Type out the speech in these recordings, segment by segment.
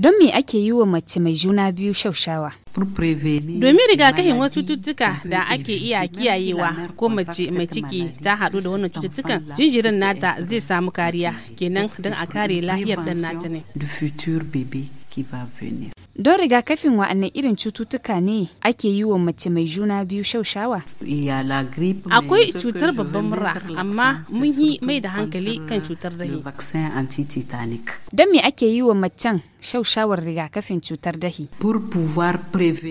Don me ake yi wa mace mai juna biyu shaushawa? Domin rigakafin wasu cututtuka da ake iya kiyayewa ko mace mai ciki ta haɗu da wannan cututtukan jinjirin nata zai samu kariya kenan don a kare lahiyar ɗan nata ne. Don rigakafin wa'annan irin cututtuka ne ake yi wa mace mai juna biyu shaushawa? Akwai cutar babban mura, amma mun yi mai da hankali kan cutar dahi. Don me ake yi wa macen shaushawar rigakafin cutar dahi?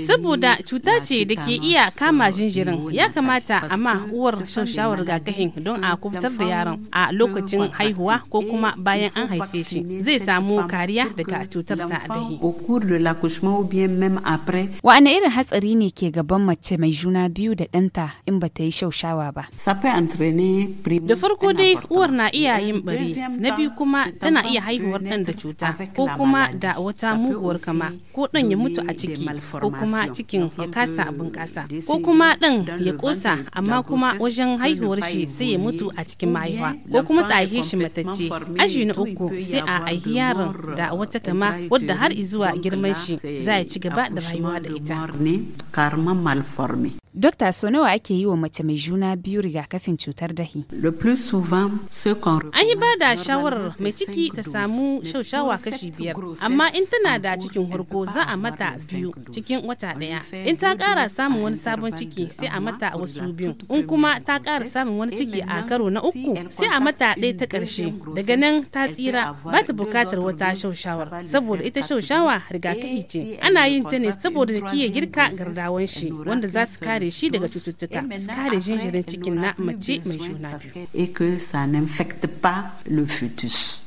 Saboda cuta ce da ke iya kama jinjirin, ya kamata a ma uwar shaushawar rigakafin don a kubutar da yaron a lokacin haihuwa ko kuma bayan an haife shi. Zai samu kariya daga cutar ta dahi. l'accouchement mem apre. Wa'ane irin hatsari ne ke gaban mace mai juna biyu da ɗanta in ba ta yi shaushawa ba? Da farko dai uwar na iya yin bari, na biyu kuma tana iya haihuwar ɗan da cuta ko kuma da wata muguwar kama ko ɗan ya mutu a ciki ko kuma cikin ya kasa abin kasa ko kuma ɗan ya kosa amma kuma wajen haihuwar shi sai ya mutu a cikin mahaifa ko kuma ta haihe shi matacce. Aji na uku sai a haihi yaron da wata kama wadda har izuwa girman shi za a ci gaba da rayuwa da ita. Dokta so nawa ake yi wa mace mai juna biyu rigakafin cutar dahi? An yi ba da shawarar mai ciki ta samu shaushawa kashi biyar, amma in tana da cikin hurgo za a mata biyu cikin wata ɗaya. In ta kara samun wani sabon ciki sai a mata wasu biyu. In kuma ta ƙara samun wani ciki a karo na uku sai a mata ɗaya ta ƙarshe. Daga nan ta tsira ba ta buƙatar wata shaushawar, saboda ita shaushawa rigakafi ana yin ta ne saboda jiki ya girka gardawan shi wanda za su kare shi daga cututtuka su kare jinjirin cikin na mace mai juna biyu